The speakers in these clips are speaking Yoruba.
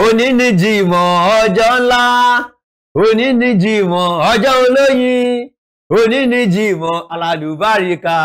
òní ni jìmọ̀ ọjọ́ ńlá òní ni jìmọ̀ ọjọ́ olóyin òní ni jìmọ̀ alálùbáríkà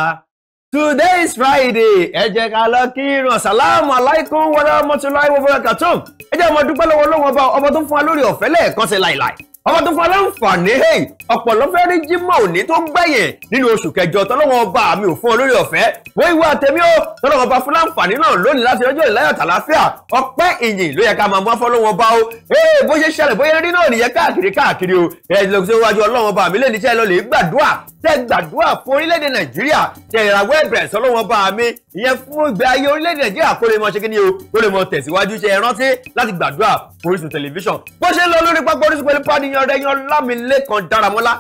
today is friday ẹ jẹ́ ká lọ kírun salamu alaikum wa rahmatulahi wa barakatuh ẹ jẹ́ ọmọ dúpẹ́ lọ́wọ́ lọ́wọ́ ọba ọba tó fún wa lórí ọ̀fẹ́ lẹ́ẹ̀kan sí láìláì ọmọ tó fọlá ń fà ní hey ọ̀pọ̀lọ́ fẹ́ rí Jímọ̀ òní tó gbẹ̀yìn nínú oṣù kẹjọ tọ́lọ́wọ́n ọba mi ò fún olórí ọ̀fẹ́ wọ́n ìwé àtẹ̀mí ó tọ́lọ́wọ́n ọba fúnlá ń fà nínú lónìí láti ọjọ́ ìláyọ̀ tàlàáfíà ọpẹ́ ìyìn ló yẹ ká máa mú afọ́lọ́wọ́n ọba o ee bó ṣe ṣẹlẹ̀ bóyá rí náà nìyẹn káàkiri káàkiri o ẹ lọ sí iwájú ọlọ́wọ́n ọba mi lẹ́ni iṣẹ́ lọ lè gbàdúrà tẹ gbàdúrà fún orílẹ̀-èdè Nàìjíríà tẹ ìràwọ̀ ẹ̀bẹ̀rẹ̀ sọlọ́wọ́n ọba mi ìyẹn fún ìgbé ayé orílẹ̀-èdè Nàìjíríà kó lè mọ ṣe kí ni o kó lè mọ tẹ̀síwájú ṣe é rántí láti gbàdúrà Orísun tẹlifíṣàn bó ṣe ń lọ lórí pápá Orísun pẹ̀lú pàdé rẹ́yán lámìlẹ́kan dáramọ́lá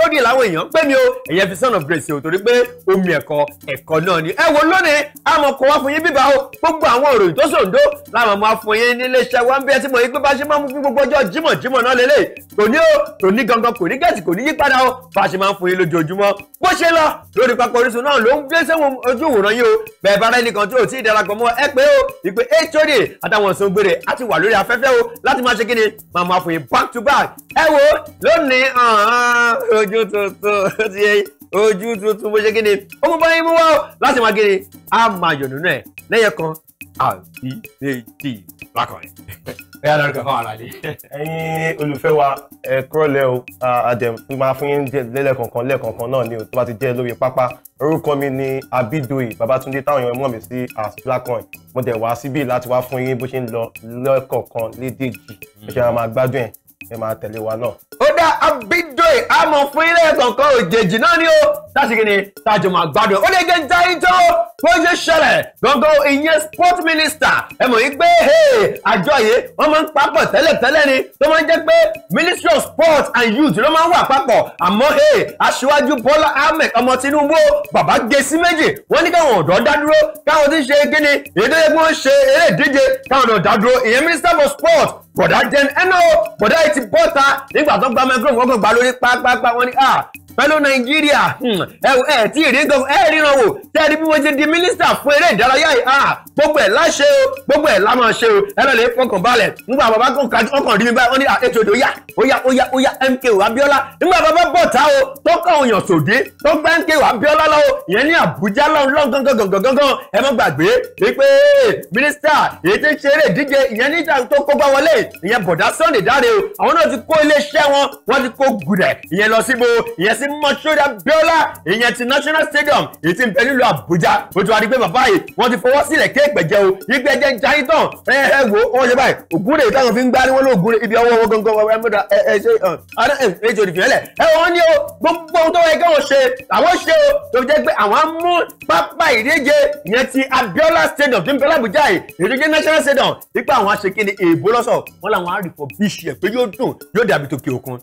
hod làwọn èèyàn pé mi o ẹ̀yẹ fi son of grace o torí pé omi ẹ̀kọ́ ẹ̀kọ́ náà ni. ẹ wo lónìí àmọ́ kò wá fún yín bíbá o gbogbo àwọn òròyìn tó sòǹdó làwọn máa fún yín nílé iṣẹ́ wa ń bí ẹ ti mọ̀ yín pé bá ṣe máa mú fún gbogbo ọjọ́ jímọ̀ jímọ̀ náà lélẹ̀ kò ní o kò ní gangan kò ní gẹ̀ẹ́sì kò ní yípadà o bá ṣe máa ń fún yín lójoojúmọ́ bó ṣe lọ lórí pápá Orísun náà ló ń gbé sẹ́wọ̀n ojú yìí o bẹ́ẹ̀ bá rẹ́ nìkan tí ò tí ì darapọ̀ mọ́ ẹ pé o ìpè hod àtàwọn ìsọ̀ngbèrè á ti wà lórí afẹ́fẹ́ o láti máa ṣe kí ni máa fún yín back to back ẹ wo lónìí ojú tuntun ti yẹ ojú tuntun bó ṣe kí ni ó mú báyìí mú wá o láti máa kiri á máa yọ̀ nínú ẹ̀ lẹ́yẹ kan àbí méjì lákọ̀ọ́yìn. ẹ̀yà lọ́dún kan fáwọn aráàlú. ẹ̀yin olùfẹ́ wa ẹ kúrọ̀lẹ́ o àdẹ̀m fi máa fún yín lẹ́lẹ́kọ̀ọ̀kan lẹ́ẹ̀kọ̀ọ̀kan náà ni o tó bá ti jẹ́ lórí pápá orúkọ mi ni abidoyi babatunde táwọn èèyàn mọ̀ mí sí as blackcoin mo dẹ̀ wá síbí láti wá fún yín bó ṣe ń lọ lẹ́ẹ̀kọ̀ọ̀kan lédèjì bó ṣe máa gbádùn ẹ̀ ẹ máa tẹ̀lé wa náà. ó dá Abidjoy àmọ̀ fún ilé ẹ̀kọ́ kan òjèjì náà ni ó láti kí ni tájọ máa gbádùn ó lè gé dáńtó bó ṣe ṣẹlẹ̀ gangan ìyẹn sport minister ẹ mọ̀ yí pé àjọ yìí wọ́n máa ń papọ̀ tẹ́lẹ̀tẹ́lẹ̀ ni tó máa ń jẹ́ pé ministry of sport and youth ló máa ń wà papọ̀ àmọ́ aṣíwájú Bọ́lá Ahmed ọmọ Tinubu bàbá gé sí méjì wọ́n ní káwọn ọ̀dọ́ dá dúró káwọn ti ń ṣe kíni èdè ẹgbẹ́ wọn ṣe eré ìdíje káwọn ọ̀dọ́ dá dúró ìyẹn minister for sport bọ̀dá jẹun ẹnu bọ̀dá yìí ti bọ́ta nígbà tó gba microphone wọ́n kàn gbà lórí pápápá wọ́n ní ah, pẹ̀lú nàìjíríà hmm, ẹ tí ìrí gan ẹ ríran wò tẹ́lẹ̀ bí wọ́n ti di mínísítà fún eré ìdárayá yìí ah, gbogbo ẹ̀ láṣẹ o gbogbo ẹ̀ lámọ̀ ṣe o ẹ lọ lè fọkàn balẹ̀ nígbà bàbá kan ọkàn rí mi báyìí wọ́n ní ah, ètò ìdò yá ó Oya ó yá ó yá MKO Abiola nígbà bàbá bọ̀ tá o tó kàn òyàn sòdé tó gbá MKO Abiola lọ́wọ́ ìyẹn ní Àbújá lọ́ngàngàngàngàn ẹ má gbàgbé wípé mínísítà èyí ti ń ṣeré ìdíje ìyẹn níta tó kógbá wọlé ìyẹn bọ̀dá Sunday Dare o àwọn náà ti kó iléeṣẹ́ mọ ṣọ́dá bíọ́lá ìyẹn ti national stadium èyí ti ń bẹ nílùú àbújá ó ti wá di pé bàbá yìí wọ́n ti fọwọ́ sílẹ̀ kéèpẹ̀jẹ́ o ìgbẹ́jẹ́ ń jayín tán ẹ wo wọ́n ṣe báyìí ògúnrè táwọn fi ń gbá ní wọ́n ló ògúnrè ibi ọwọ́ wọn gangan wọn mọ́ta ẹ ẹ ṣe ọ̀n ẹ ṣe òdìfẹ́ lẹ̀ ẹ wọ́n ní o gbogbo ohun tó yẹ kí wọ́n ṣe àwọn ṣe o tó jẹ́ pé àwọn mú pápá ìdíje ìyẹn ti abiola stadium ti ń bẹ national stadium ipa àwọn aṣèkéni èèbó lọ́sọ̀ wọn làwọn á rí fọ bíṣì ẹ̀ pé yóò dùn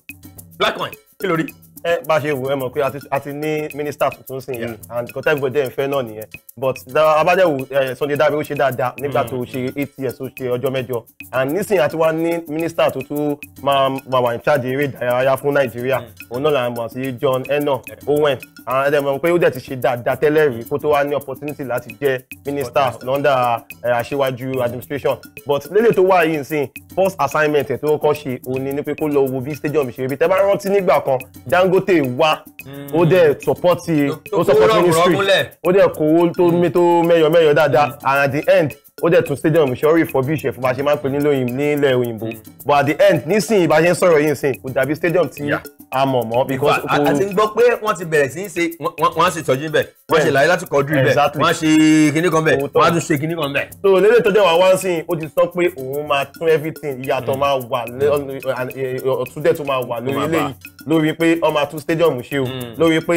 black coin kí ẹ eh, bá ṣe wò ẹ mọ̀ pé a ti ní mínísítà tuntun sí yìí and kò tẹ́gbọ̀n dẹ́n fẹ́ náà nìyẹn but abájẹ́wò eh, Sunday Dábẹ́ ó ṣe dáadáa nígbà mm. tó ṣe eight years ó ṣe ọjọ́ mẹ́jọ and nísìnyí àti wá ní mínísítà tó tún máa wà wà ní charge eré ìdárayá fún Nàìjíríà mm. òun náà là ń mọ̀ sí John Enoch Owen and ẹ mọ̀ pé ó dẹ̀ ti ṣe dáadáa tẹ́lẹ̀ rí kó tó wá ní opportunity láti jẹ́ mínísítà lọ́ndà àṣewájú eh, administration but lélẹ̀ tó wà yìí nsìn first assignment ẹ̀ tó kọ́ ṣe òun ni pé kó lọ wo bí stadium ṣe rí tẹ́ bá rántí nígbà kan Dangote Dangote wa, ó dẹ̀ hmm. support ó support ministry ó dẹ̀ kówó hmm. tó mẹ́yọ mẹ́yọ dáadáa and at the end ó dẹ̀ tún stadium ìṣọ́rí for bí ìṣẹ̀fún bá ṣe máa ń pè nílẹ̀ òyìnbó hmm. but at the end nísìnyí bá ṣe ń sọ̀rọ̀ yìí nísìnyí kò dàbí stadium ti a mọ́ because o. àti gbọ́ pé wọ́n ti bẹ̀rẹ̀ sí í ṣe wọ́n á ṣe ìtọ́jú bẹ̀ wọ́n ṣe láyé láti kọjú bẹ̀ wọ́n á ṣe kinní kan bẹ̀ wọ́n á tún ṣe kinní kan bẹ̀. so lélẹ̀ tó jẹ́ wà wá sí i ó ti sọ pé òun máa tún everything ìyàtọ̀ mm. máa wà mm. e, e, ọ̀túndẹ̀ tó máa wà lórí eléyìí lórí pé ó máa tún stadium ṣe o mm. lórí pé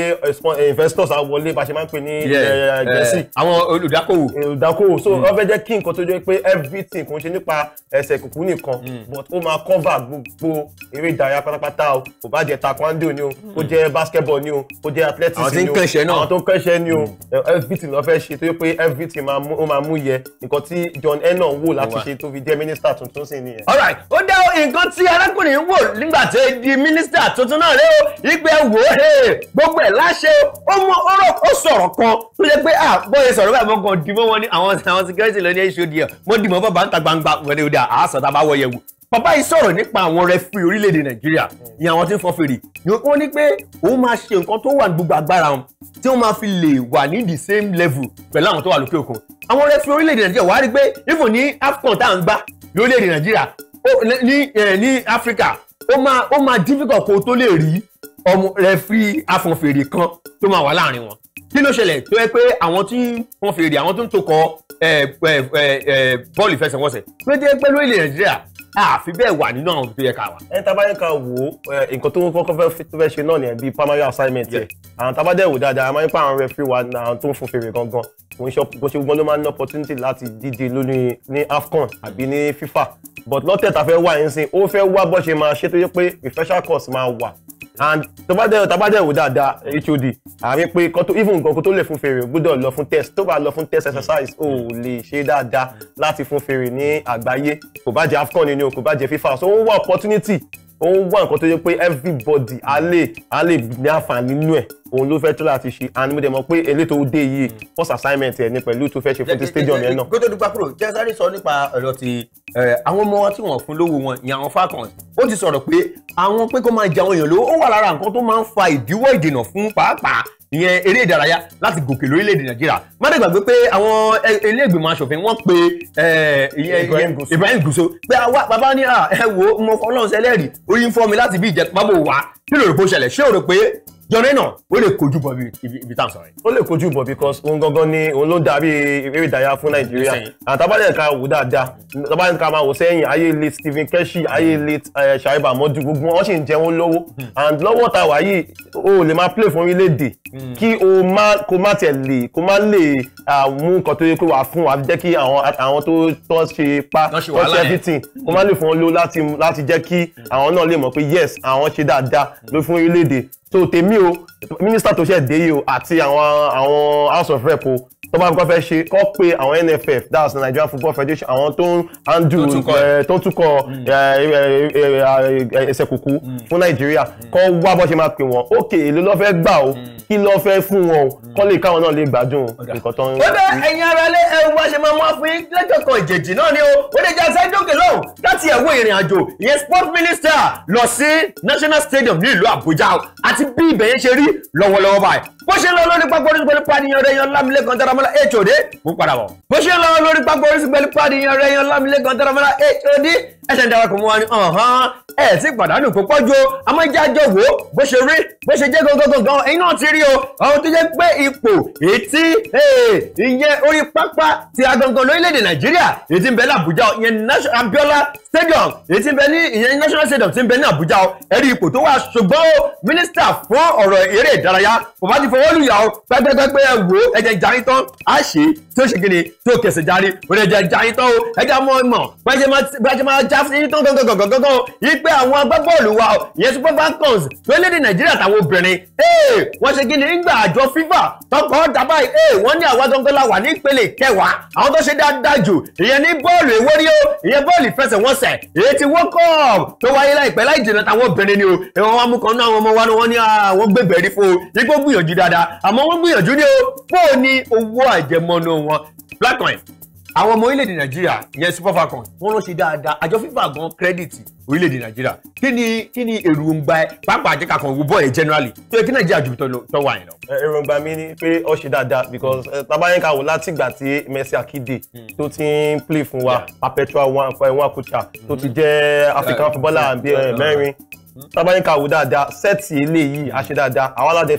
e, investors á wọlé bá ṣe máa ń pè ní eh, gẹ̀ẹ́sì. àwọn olùdákòwò. olùdákòwò so wọ́n fẹ́ jẹ́ kí nǹkan tó jẹ́ pé everything kò ń ṣe nípa ẹsẹ̀ kùkú nìkan but ó máa cover gbogbo eré ìdárayá pátápátá o kò bá jẹ́ ta taekwondo ni o kó jẹ́ basketball ni o kó jẹ́ athletics ni o àwọn tó ń kẹ́sẹ̀ náà àwọn tó ń kẹ́sẹ̀ ni o hmm. eh, everything ló fẹ́ ṣe tó yẹ pé everything ó máa mú yẹ nǹkan tí John Ennon wò láti ṣe tó fi jẹ́ mínísítà tuntun sí nìyẹn. all right ó dá nǹkan tí arákùnrin wò nígbà tó di mínísítà tuntun náà rẹ o ìgbẹ́ wò ó gbogbo ẹ̀ láṣẹ ó mú ọ̀rọ̀ ó sọ̀rọ̀ kan tó yẹ pé ah bọ́ọ̀yẹ sọ̀rọ̀ báyìí mọ́kàn dìbò wọn ní àwọn security lọ ní ẹ̀ṣọ́ díẹ̀ mọ́ dìbò bàbá ń ta gbangba wọlé ó dà á sọ̀tà bá wọ yẹ wò bàbá yìí sọ̀rọ̀ nípa àwọn rẹ́fìrí orílẹ̀-èdè nàìjíríà ní àwọn tí ń fọ́n fèrè ni wọ́n ní pé òun máa ṣe nǹkan tó wà ní gbogbo agbára wọn tí wọ́n máa fi lè wà ní the same level pẹ̀lú àwọn tó wà lókè òkun àwọn rẹ́fìrí orílẹ̀-èdè nàìjíríà wàá rí pé even ní AFCON tá à ń gbá lórílẹ̀-èdè nàìjíríà ní Africa, eh, ó máa difficult kó tó lè rí ọmọ rẹ́fìrí afọ̀nfèrè kan tó máa wà láàrin wọn kí ló ṣẹlẹ̀ tó yẹ pé àwọn tí wọ́n fèrè àwọn tó ń tokọ̀ eh, eh, bọ́ọ̀lù ìfẹsẹ̀wọnsẹ̀ tó jẹ́ pẹ́ lórílẹ̀ nàìjíríà àfi bẹ́ẹ̀ wà nínú àwọn tó yẹ ká wà. ẹ tábà ka wo nǹkan tó kọ́kọ́ fẹ́ ṣe náà nìyẹn bíi primary assignment yẹ àwọn tábà dẹ̀ wò dáadáa máa ń pa àwọn referee wa náà tó ń fún fèrè gangan kò ń ṣe gbọ́n ló máa ń ní opportunity láti díje lónìí ní AFCON àbí ní FIFA but lọ́tẹ̀ tá fẹ́ wà yín sìn ó fẹ́ wá bọ́ ṣe máa ṣe tó yẹ pé refresher course máa wà and tó bá dẹ̀ tó bá dẹ̀ wò dáadáa hod àrí pé kó tó even nǹkan kó tó lè fún fèrè gbọ́dọ̀ lọ fún test tó bá lọ fún test exercise ò lè ṣe dáadáa láti fún fèrè ní àgbáyé kò bá jẹ́ afcon ni o kò bá jẹ́ fifa so ó wà opportunity ó ń wá nǹkan tó yẹ pé everybody á lè á lè ní àǹfààní nínú ẹ̀ òun ló fẹ́ tó láti ṣe and mo dẹ̀ mọ̀ pé elétò òde yìí first assignment ẹ̀ ní pẹ̀lú tó fẹ́ ṣe fún ti stadium yẹn náà. gbọ́dọ̀ dúpẹ́ kúrò jẹ́ sáré sọ nípa ọ̀rọ̀ ti àwọn ọmọ wọn tí wọ́n fún lówó wọn ni àwọn Falcons ó ti sọ̀rọ̀ pé àwọn pé kó máa jẹ àwọn èèyàn lówó ó wà lára nǹkan tó máa ń fa ìdíwọ́ ìdènà fún pàápàá ìyẹn eré ìdárayá láti gòkè lórílẹ̀‐èdè nàìjíríà má dẹ̀ gbàgbé pé àwọn eh, ilé ìgbìmọ̀ asòfin wọ́n pe eh, Ibrahim Guso pé àwa ah, bàbá ní ah, ẹ wo mo fọlọ́run sẹlẹ̀rì orí ń fọ́ mi láti bí ìjẹ́pábò wá kí ló rò pé ó ṣẹlẹ̀ ṣé o rò pé jọ̀rẹ́ náà ó lè kojú bọ̀ ibi tá à ń sọ̀rọ̀ yìí. ó lè kojú bọ̀ because òun gangan ni òun ló dàbí eré ìdárayá fún nàìjíríà àtàbálẹ̀ ká wò dáadáa àtàbálẹ̀ ká máa wò sẹ́yìn ayé late Stephen Keshi ayé late eh, Shaibu Amadu gbogbo wọn sì ń jẹ wọn hmm. and lọ́wọ́ tá a wà yìí o lè máa play fún orílẹ̀-èdè hmm. kí o má kó má tiẹ̀ lè kó má lè mú nǹkan tó yẹ kó wà fún wa jẹ́ kí àwọn tó tọ́ ṣe pa tọ́ ṣe everything hmm. kó má lè fún wọn ló láti láti jẹ́ kí hmm. àwọn náà lè mọ̀ pé yes àwọn ṣe dáadáa ló fún orílẹ̀-èdè so tèmi o mínísítà tó ṣẹ̀ dé yìí o àti àwọn house of rep o tó bá ń kọ́ fẹ́ ṣe kọ́ pé àwọn NFF that's the Nigerian Football Federation àwọn tó ń handle tó ń túkọ̀ eh, mm. eh, eh, ẹsẹ̀ kùkú mm. fún Nàìjíríà mm. kọ́ wá bọ́ ṣe máa pè wọ́n ókè èlò ló fẹ́ gbà o kí ló fẹ́ fún wọn o kọ́ lè káwọn náà lè gbádùn nǹkan tó ń. ó bẹ ẹ̀yin ara lé ẹrù bá ṣe máa mú àfin lẹ́jọ̀kọ̀ ìjèjì náà ni o ó lè jẹ́ sẹ́jọ́kè lọ́hùn láti ẹ̀wọ́ ìrìn àjò ìyẹn sport minister lọ sí National Stadium ní ìlú Àbújá àti bí ibẹ̀ yẹn ṣe rí lọ́wọ́lọ́wọ́ báyìí bó ṣe ń lọ lórí pápá Orísun pẹ̀lú pàdéyàn rẹ̀ yan Lámilékan Dáramọ́lá ètò òde mú padà bọ̀ bó ṣe ń lọ lórí pápá Orísun pẹ̀lú pàdéyàn rẹ̀ yan Lámilékan Dáramọ́lá ètò òde ẹsẹ̀ ń darapọ̀ mọ́ wa ni ẹ̀ sì pàdánù kó pọ́jú àmọ́ ìjà jọ wò ó bó ṣe rí bó ṣe jẹ́ gangan ẹ̀yin náà ti rí o ọ̀hún tó jẹ́ pé ipò ètí ìyẹn orí pápá ti agangan lórílẹ̀‐èdè nàìjíríà ètí ń bẹ ní àbújá ìyẹn abiola stadium ètí ń bẹ ní ìyẹn national stadium ti ń bẹ ní àbújá ẹ̀rí ipò tó wà ṣùgbọ́n o mínísítà fún ọ̀rọ̀ eré ìdárayá bàbá ti fọwọ́ lùyà o pẹ́pẹ́pẹ́ ẹ wò ó ẹ̀jẹ̀ jarí tán á ṣe tí ó ṣe kí ni tí ó kẹsẹ̀ jarí òun ẹ̀jẹ̀ jarí tán o ẹ̀jẹ̀ mọ́ ọmọ bá ṣe máa já ta sí gángangangangangán yí pé àwọn agbábọ́ọ̀lù wa ìyẹn Super Falcons tó lédè Nàìjíríà táwọn obìnrin wọ́n ṣe kíni nígbà àjọ FIFA tọkọ dábà wọ́n ní àwa gangan la wà ní ìpele kẹwàá àwọn tó ṣe dáadáa jù ìyẹn ní bọ́ọ̀lù ewérí o ìyẹn bọ́ọ̀lù ìfẹsẹ̀wọnsẹ̀ èyí ti World Cup tó wáyé láìpẹ́ láì jìnnà táwọn obìnrin ni o ìwọ̀n wa mú kan náà àwọn ọmọ wa ni wọ́n ní àwọn ah, gbẹ̀bẹ̀ rí fo yípo gbìyànjú dáadáa àmọ́ wọ́n gbìyànjú ní o bóò ní owó àjẹmọ́nú wọn black coin àwọn ọmọ orílẹ̀-èdè nàìjíríà yẹn super falcon wọ́n lọ ṣe dáadáa àjọ fífà gan kírẹ́dìtì orílẹ̀-èdè nàìjíríà kí ni kí ni èròǹgbà ẹ pàápàá àjẹkà kan wo bọ́ọ̀lù generally tó yẹ kí nàìjíríà ju tó wà yẹn lọ. èròǹgbà mi ni pé ó ṣe dáadáa because tabayinka wò láti ìgbà tí Mercy Akide hmm. tó ti ń play fún wa perpetual one fún one akucha tó ti hmm. jẹ́ african footballer mẹ́rin tábàyíká wò dáadáa sẹ́ẹ̀tì eléyìí a ṣe dáadáa àwọn aládẹ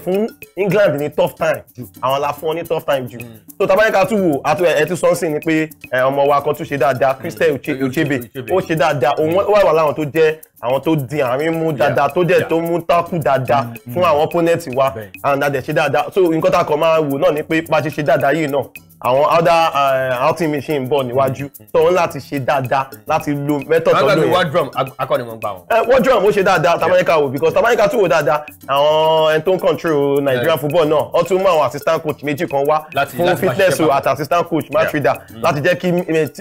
England ní tough time jù àwọn aláfún ní tough time jù hmm. so tábàyíká tún wò àti ẹ̀ ti sọ́nsìn ni pé ọmọ wa kan tún ṣe dáadáa Christel Uchebe hmm. ó ṣe dáadáa òun wà wà láwọn tó jẹ́ àwọn tó dín àárín mú dáadáa tó dẹ̀ tó mú tákù dáadáa hmm. fún àwọn opponent wa and adẹ̀ ṣe dáadáa so nǹkan tá a máa wò náà ni pé bá ṣe ṣe dáadáa yìí náà àwọn other eh, outing machine bọ̀ níwájú tọ́wọ́n mm. láti ṣe dáadáa láti lo method tó lóyún. lágbàgbé wardrum akọ́nimọ̀ gbà wọn. Eh, wardrum ó ṣe dáadáa tamáníkà wò because tamáníkà tún wò dáadáa àwọn ẹni tó ń control Nigerian football náà wọ́n tún mú àwọn assistant coach méjì kan wá fún fitness o àti assistant coach match reader mm. láti jẹ́ kí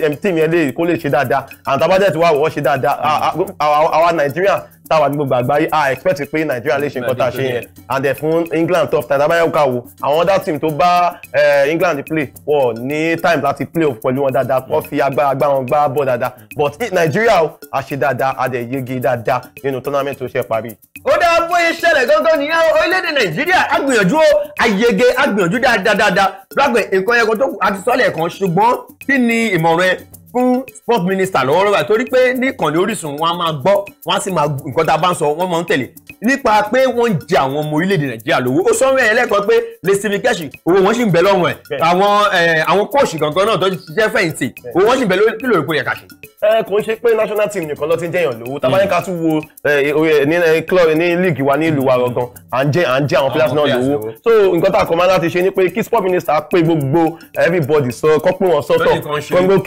eh, team yẹn kó lè ṣe dáadáa and tabadẹ́tì wà wọ́n ṣe dáadáa àwa mm. ah, ah, Nigeria táwa ní gbogbo àgbáyé a expect pé nàìjíríà lè ṣe nǹkan tá a ṣe yẹn and then fún england tough time tábàyà òkà wò àwọn other team tó bá england play wọ ní time láti play off pẹ̀lú wọn dáadáa kọ́ fi agbára agbára wọn gbá bọ̀ dáadáa but nàìjíríà o a ṣe dáadáa a dẹ̀ yege dáadáa nínú tournament tó ṣe parí. ó dáa bóyá ṣẹlẹ̀ gangan nìyẹn orílẹ̀-èdè nàìjíríà á gbìyànjú ó àyege á gbìyànjú dáadáa dáadáa blackburn nǹkan ẹ̀kọ́ tó kù àti sọ́ọ̀lẹ̀ kan ṣùgbọ́n kí ni ìmọ̀ràn ẹ fún sport minister lọ́wọ́lọ́wọ́ báyìí torí pé ní ìkànnì Orísun wọn a máa gbọ́ wọn a sì máa nǹkan tá a bá ń sọ wọn máa ń tẹ̀lé nípa pé wọ́n ń jẹ àwọn ọmọ orílẹ̀-èdè Nàìjíríà lówó ó sọ́nrẹ́ ẹ̀ lẹ́kọ̀ọ́ pé lẹ́sìmí kẹ́ṣì owó wọn sì ń bẹ lọ́wọ́ ẹ̀ àwọn eh, àwọn kóòṣì kankan náà tó ti ṣiṣẹ́ fẹ̀yìntì owó wọn sì ń bẹ lórí kí lóòrè kó yẹ ká ṣe kò ń ṣe pé national team nìkan ló ti ń jẹyàn lówó tàbá yẹn ká tún wo ní club ní league wa ní ìlú wa gangan à ń jẹ à ń jẹ àwọn players náà lówó so nǹkan tá a kọ máa láti ṣe ni pé kí sport minister pé gbogbo everybody sọ kọ́ pé wọ́n sọ́tọ̀ gbogbo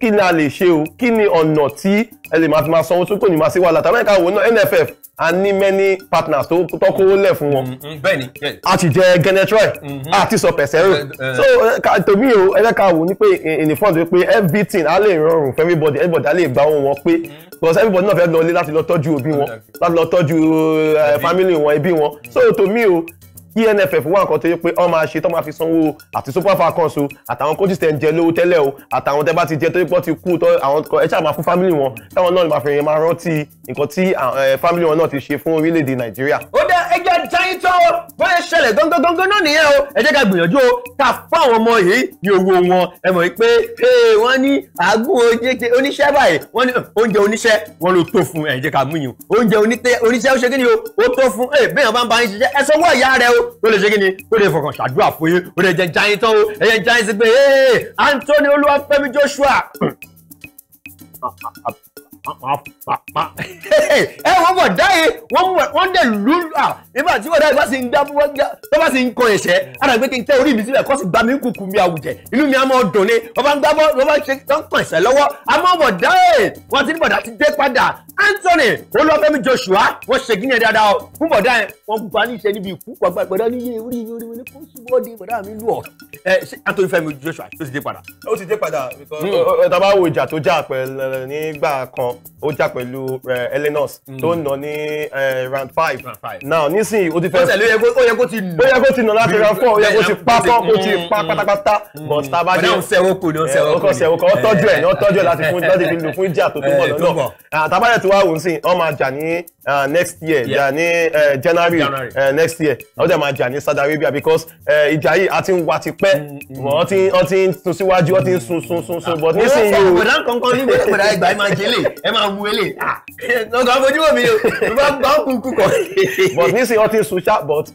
kí ni a lè ṣe o kí ni ọ̀nà tí ẹ lè máa sanwó tó kò ní máa sí wàhálà tàbá wo náà NFF a ní many partners tó tọ́kówó lẹ̀ fún wọn mm-hmm. bẹ́ẹ̀ni a ti jẹ genetroy mm-hmm. a ti sọ pẹ̀sẹ́rò eh. so tòmí o ẹ fẹ́ ká wò ní pé in the front pé everything a lè rọrùn for everybody everybody everybody lè gba ohun wọn pé because everybody náà fẹ́ lọ ilé láti lọ tọ́jú òbí wọn láti lọ tọ́jú eh, family wọn ẹbí wọn so to me o ENFF wà nǹkan tó yẹ pé wọ́n máa ṣe tó sanwó àti super falcons o àtàwọn coaches tẹ̀ ń jẹ lówó tẹ́lẹ̀ o àtàwọn tẹ́ bá ti jẹ tó yẹ pé wọ́n ti kú tó àwọn ẹ ṣáà máa fún family wọn táwọn náà máa fi máa rántí nǹkan tí family wọn náà ti ṣe fún orílẹ̀-èdè Nàìjíríà. ó dá ẹgbẹ́ giant o wọ́n ṣe ṣẹlẹ̀ gangan náà nìyẹn o ẹ jẹ́ ká gbìyànjú o ká fún àwọn ọmọ yìí ní owó wọn ẹ mọ̀ pé wọ́n ní àágùn oníṣẹ́ báyìí wọ́n ní oúnjẹ oníṣẹ́ wọn ló tó fún ẹ jẹ́ ká mú yín oúnjẹ oníṣẹ́ ó ṣe kí ni o ó tó fún ẹ bẹ́ẹ̀ bá ń bá yín ṣiṣẹ́ ẹ sọ wọ́ ìyá rẹ o tó lè ṣe kí tó lè fọkàn ṣàdúrà fún yín ó lè jẹ jayin tán o ẹyẹ jayin sí pé ee Anthony Olúwafẹ́mi Joshua ẹ wọ́n bọ̀ dáyé wọ́n dẹ̀ lù ú à nígbà tí wọ́n dáyé bá sì ń gbá bó bá sì ń kọ ẹ̀ṣẹ́ ara pé kí n tẹ́ orí mi sílẹ̀ kó sì gbá mi kúkú mi àwùjẹ inú mi á mọ̀ dùn ni wọ́n bá ń gbá bó bá ṣe tó ń kàn ẹ̀ṣẹ́ lọ́wọ́ àmọ́ bọ̀ dáyé wọ́n ti ní bọ̀dá ti dé padà Anthony Olúwafẹ́mi Joshua wọ́n ṣe gíní ẹ̀ dáadáa o fún bọ̀dá yẹn wọ́n kúkú ní iṣẹ́ níbi ìkú pàgbà ìgbàdá nílé orí orí orí kó súnmọ́dé bọ̀dá mi lù ọ́ ẹ ṣé Anthony Fẹ́mi Joshua ó ti dé padà. ó ti dé padà. tá a bá wo ìjà tó jà pẹ̀lẹ́ nígbà kan ó jà pẹ̀lú elenos mm. tó ń nà ní round five now nísìnyí ó ti fẹ́ ó yẹ kó ti nà ó yẹ kó ti nà láti round four ó yẹ kó ti pa tán kó ti pa pátápátá mm. but tabade ó kọ́ sẹ́wọ́ kọ́ ó tọ́jú ẹ̀ ní ó tọ́jú ẹ̀ láti fi lù fún ìjà tó tó mọ̀ lọ́nà àtàbàdẹ̀ tí wàá wò ó sìn ọ́n máa jà ní Ah, next year yeah. jà uh, eh, January, January. Uh, next year ọdẹ máa jà ní Saudi Arabia because eh, ìjà yìí a ti ń wa ti pẹ́ mm, mm, mm. wọ́n ti ń ọtí ń sun síwájú ọtí ń sun sun sun sun but ah, nísìnyí o. bọ̀dá kankan ní bẹ́ẹ̀ bọ̀dá ìgbà ẹ̀ máa jẹ́ lè ẹ̀ máa wu ele ọkọ̀ àfojúbọ̀ mi o bá bá kú kú kọ̀. but nísìnyí ọtí ń sun ṣá but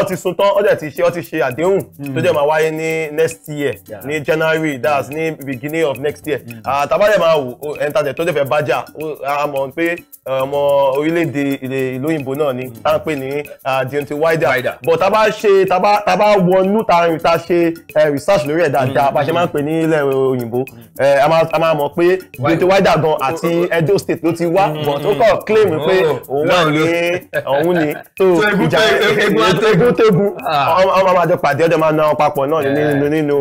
ọtí sun tán ọdẹ ti ṣe ọtí ṣe àdéhùn tó jẹ́ máa wáyé ní next year ní January that's ní beginning of next year ah, tàbá dẹ̀ máa wò ẹ̀ńtà tẹ̀ tó dẹ̀ fẹ́ bá jà á mọ̀ pé ọmọ orílẹ̀ orílẹ̀-èdè ìlú òyìnbó náà ni hmm. tá à ń pè ní deontay wilder but tá a bá ṣe tá a bá wọnú tá a ṣe research lórí ẹ̀ dáadáa hmm. bá a ṣe máa ń pè ní ilẹ̀ òyìnbó hmm. a máa mọ̀ pé deontay wilder gan àti edo state ló ti wá but ó kàn claim pé òun wà ní òun ni tó ìjà egun tegun ah. ọmọ máa jọ pàdé ọjọ́ máa ná ọ papọ̀ náà nínú nínú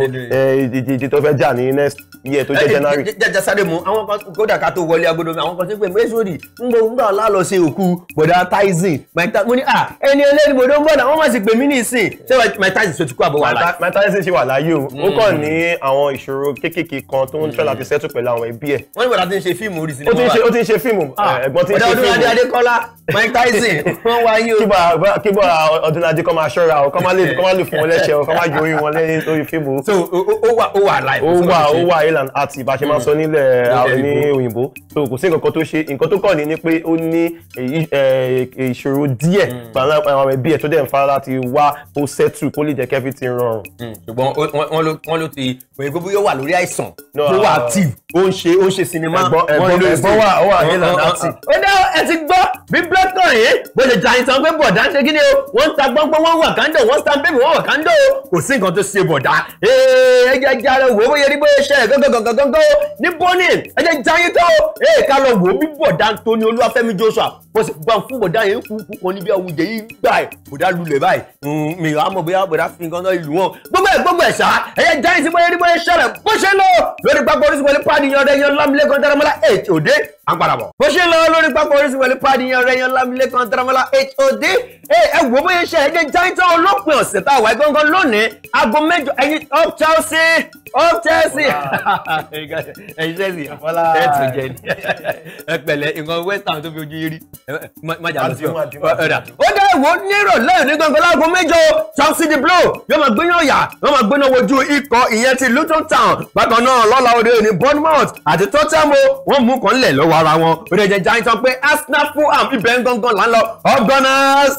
ìdíje tó fẹ́ jà ní next year tó jẹ́ eh, eh, january. jẹjẹrẹ sáré mu àwọn kan kódà ká tó wọlé agbódò mi àwọn kan ti pè mí èso rì ń gbọ́ ń gbà lálọ́ ṣe òkú ikú bọ̀dá Tyson my Tyson mo ní à ah, ẹni ẹlẹ́ni bọ̀dá ń bọ̀ náà wọ́n má sì pè mí nísìn ṣé Mike Tyson ṣe ti kú àbọ̀ wà láyé. Mike Tyson ṣe wà láyé o ó kàn hmm. ní àwọn ìṣòro kéékèèké kan tó ń tọ́ láti ṣẹ́tù pẹ̀lú àwọn ẹbí ẹ̀. wọ́n ní bọ̀dá ti ń ṣe fíìmù orí sinimá wa ó ti ń ṣe fíìmù ah, eh, ẹ̀gbọ́n ti ń ṣe fíìmù. bọ̀dá Ọdúnládé Adékọ́lá Mike Tyson wọ́n wá yí o. kí bọ̀ Ọdúnládé kọ́ máa ṣọ́ra o kọ́ máa lè fún wọn lẹ́sẹ̀ o kọ́ máa yọrí wọn lẹ́yìn lórí fíìmù. so ó wà ó wà láì. ó wà ó wà ilan àti ìbáṣe máa sọ hmm. nílẹ̀ ní òyìnbó so kò sí nǹkan tó ṣe nǹkan tó kàn ní ni pé ó ní èyí ìṣòro díẹ̀ pàlọ́ hmm. àwọn ẹbí ẹ̀ tó dẹ̀ ń fara láti wá tó sẹ́tù kó lè jẹ́ kẹ́fí ti rọrùn. Hmm. ṣùgbọ́n wọ́n ló ti òye gbogbo yóò wà lórí àìsàn tó wà active ó ń ṣe ó ń ṣe sinimá wọ́n ló ẹ̀gbọ́n wà ó wà ní ìlànà àti. ó dá ẹ ti gbọ́ bí blọ́kàn yìí bó ṣe jàyìn tán pé bọ̀dá ń ṣe kí ni o wọ́n ń ta gbọ́ngbọ́n wọ́n wà kándò wọ́n ń ta bébì wọ́n wà kándò kò sí nǹkan tó ṣe bọ̀dá ẹ jẹ́ jára wò ó bóyá ní bóyá ṣẹlẹ̀ gángan ní bọ́ọ̀nì ẹ jẹ́ jàyìn tán ẹ ká lọ wò ó bí bọ̀dá ń tó ní Olúwafẹ́mi Joshua bọ́sì gbà fún bọ̀dá yẹn kú kú kan níbi àwùjẹ yìí gbà ẹ̀ bọ̀dá lulẹ̀ báyìí mm, mi ò mọ̀ bóyá bọ̀dá fi nǹkan náà ìlú wọn gbogbo ẹ̀ gbogbo ẹ̀ sá ẹ̀yẹ jáde sí bóyá rí bóyá ṣẹlẹ̀ bó ṣe lọ lórí gbàgbọ́ orísun wọlé pàdé yan ọdẹ yan lámìlẹ́kọ̀ọ́ dáramọ́lá ètò òde à ń padà bọ̀. bó ṣe ń lọ lórí pápá Orísun pẹ̀lú pàdéyàn rẹ̀ yan Lámilékan Dáramọ́lá hod ẹ wò bóyá iṣẹ́ ẹ jẹ́ jáìntàn olópin ọ̀sẹ̀ tá a wà gángan lónìí aago mẹ́jọ ẹ̀yin up Chelsea up Chelsea ẹ̀yin Chelsea ọ̀fọ́lá ẹ̀ tún jẹ ni ẹ pẹ̀lẹ́ nǹkan West Ham tó fi ojú yín rí má jà lọ sí ọ̀dà. ó dá ìwò nírọ̀lẹ́ ní gángan láago mẹ́jọ Chelsea the blow yóò máa gbéyàn ọ̀yà yóò máa gbéná wojú ikọ̀ ìyẹn ti Luton Town bákan náà lọ́la òde òní Bournemouth àti Tottenham wọ́n mú kan lẹ̀ lọ́wọ́ wọ ara wọn òde jẹ giant sọ pé Arsenal Fulham ibẹ̀ ń gangan là ń lọ ọgọ́nàs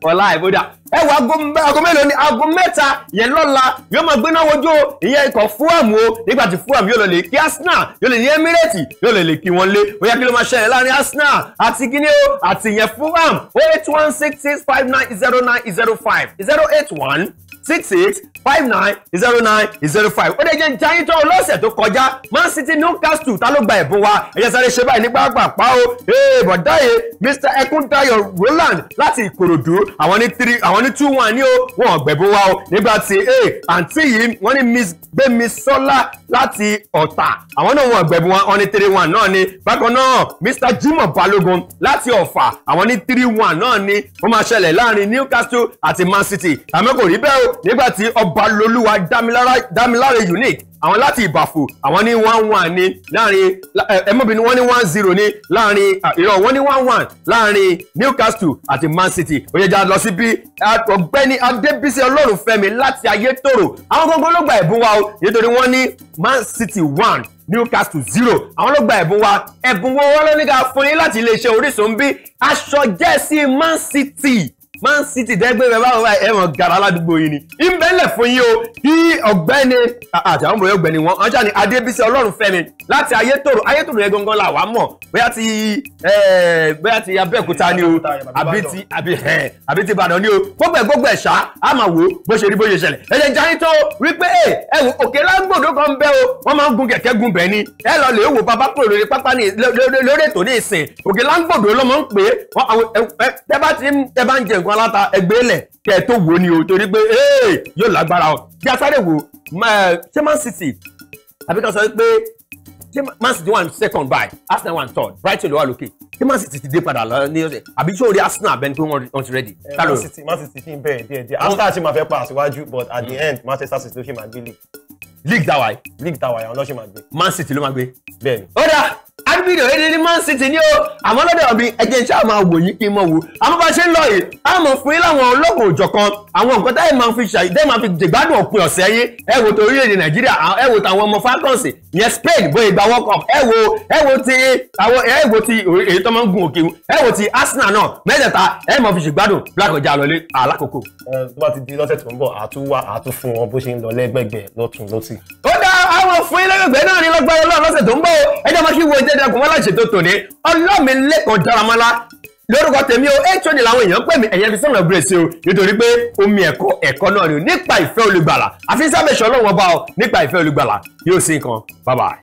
ọ̀la ìbúdà ẹ wọ aago mélòó ni aago mẹ́ta yẹn lọ́la yóò máa gbéná wojú ìyẹn ikọ̀ Fulham o nígbà tí Fulham yóò lọ lè kí Arsenal yóò lè ní Emirates yóò lè lè kí wọn lé ó kí ló máa ṣẹlẹ̀ láàrin Arsenal àti guinea o àti ìyẹn Fulham o oh eight one six six five nine zero nine zero five zero eight one six six five nine zero nine zero five ó dẹ̀ jẹ́ jayín tán ọlọ́sẹ̀ tó kọjá Man City Newcastle ta ló gba ẹ̀bùn wa ẹ̀yẹ sáré ṣe báyìí ní pápá o ee bọ̀dáyé Mr Ekuntayo Roland láti Ìkòròdú àwọn ní three àwọn ní two one ní o wọn ọ̀gbẹ̀bùn wa o nígbà tí ee àǹtí yìí wọ́n ní Miss Gbémisọ́lá láti Ọ̀tà àwọn náà wọn ọ̀gbẹ̀bùn wa wọn ní three one náà ni bákan náà Mr Jimoh Balogun láti Ọ̀fà àwọn ní three one náà ni wọ́n máa ṣẹlẹ̀ láàrin Newcastle àti Man City àmọ́ kò rí bẹ́ẹ̀ o nígbà tí ọ ọbalolúwa dámilára unique àwọn láti ìbàfò àwọn ní one one ní láàrin ẹmọ́bìnrin wọ́n ní one zero ní láàrin ìrọ̀ wọ́n ní one one láàrin Newcastle àti Man City òyìnbá lọ sí bí ọ̀gbẹ́ni Adébísí Ọlọ́runfẹ́mi láti Ayétòrò àwọn gbogbo ló gba ẹ̀bùn wa o nítorí wọ́n ní Man City one Newcastle zero àwọn ló gba ẹ̀bùn wa ẹ̀bùn wo wọ́n ló ní ká fún yín láti iléeṣẹ́ Orísun bí aṣọ jẹ́sí Man City Man City dẹ́gbẹ́rẹ́ báwo báyìí ẹ wọ̀n gàrà aládùúgbò yìí ni ìbẹ́lẹ̀ fún yín o bí ọ̀gbẹ́ni àti àwọn bòyá ọ̀gbẹ́ni wọn ọjà ni Adébísí Ọlọ́runfẹ́mi láti Ayétòrò Ayétòrò yẹn gangan la wà á mọ̀ bóyá ti bóyá ti Abẹ́òkúta ni o àbí ti àbí ti Ìbàdàn ni o gbogbo ẹ̀ gbogbo ẹ̀ ṣá á máa wò ó bó ṣe rí bó ṣe ṣẹlẹ̀ ẹ̀jẹ̀ jáde tó rí pé ẹ ẹ wò òkè lágbòdo kan bẹ́ o wọ́n máa ń gun kẹ̀kẹ́ gun bẹ́ẹ̀ ni ẹ lọ lè wò bàbá kúrò lórí pápá lórí ètò ní ìsìn òkè lágbòdo ló máa ń pè é ẹ bá ń jẹ nǹkan aláta ẹgbẹ́ lẹ̀ kẹ́ ẹ tó wò ni o torí pé yóò lágbára o bí a sáré wò ṣé Man City àbí kan sọ pé ṣé Man City One second by Arsenal wà ní third Brighton ló wà lókè ṣé Man City ti dé padà lọ ní ọ̀sẹ̀ àbí ṣé orí Arsenal abẹ́ni pé wọ́n ti rẹ́dì. Eh, Man City Man City ṣì ń bẹ̀rẹ̀ díẹ̀ díẹ̀ Arsenal ṣì máa fẹ́ pa àṣewájú but at the hmm. end Manchester City ló ṣì máa gbé league. league tàwa yìí. league tàwa yìí àwọn ló ṣì máa gbé. Man City ló máa gbé. bẹ́ẹ̀ni. ó dáa David Oyedeyan ní Man City ní o àmọ́ lọ́dọ̀ mi ẹjẹ́ tí a máa wò yín kí n mọ̀ wò àmọ́ bá ṣe ń lọ yìí a mọ̀ fún yín láwọn ọlọ́kùn òjọ̀kan àwọn nǹkan táyì máa fi ṣàyí táyì máa fi jẹ̀gbádùn òpin ọ̀sẹ̀ yín ẹ wo torí èdè Nàìjíríà ẹ wo tàwọn ọmọ Falcons yẹn Spain bóyá ìgbà World Cup ẹ wo ẹ wo ti àwọn ẹ wo ti èyí tó máa ń gun òkè ẹ wo ti Arsenal náà mẹ́tẹ̀ẹ̀ta ẹ máa fi ṣègbádùn lákọjá lọlé alákòókò. tó bá ti di lọ́sẹ̀ tó ń bọ̀ àtúwà àtúfún wọn bó ṣe ń lọ lẹ́gbẹ̀gbẹ̀ lọ́tún lọ́sì. ó d àwọn fún yín lẹ́gbẹ̀ẹ́ náà ní lọ́gbàá ọlọ́run lọ́sẹ̀ tó ń bọ̀ ẹjọ́ máa kí wo ìjẹ́ ìdàgbọ̀n wọn láṣẹ tó tòní ọlọ́mìnlẹ́kọ̀ọ́ dáramọ́lá lórúkọ tèmi o eight twenty làwọn èèyàn pè mí ẹ̀yẹ́ fi sọ̀nà grace o nítorí pé omi ẹ̀kọ́ ẹ̀kọ́ náà ni nípa ìfẹ́ olùgbàlà àfi sábẹ̀ṣọ́ ọlọ́run ọba o nípa ìfẹ́ olùgbàlà yóò sí nǹkan bye bye.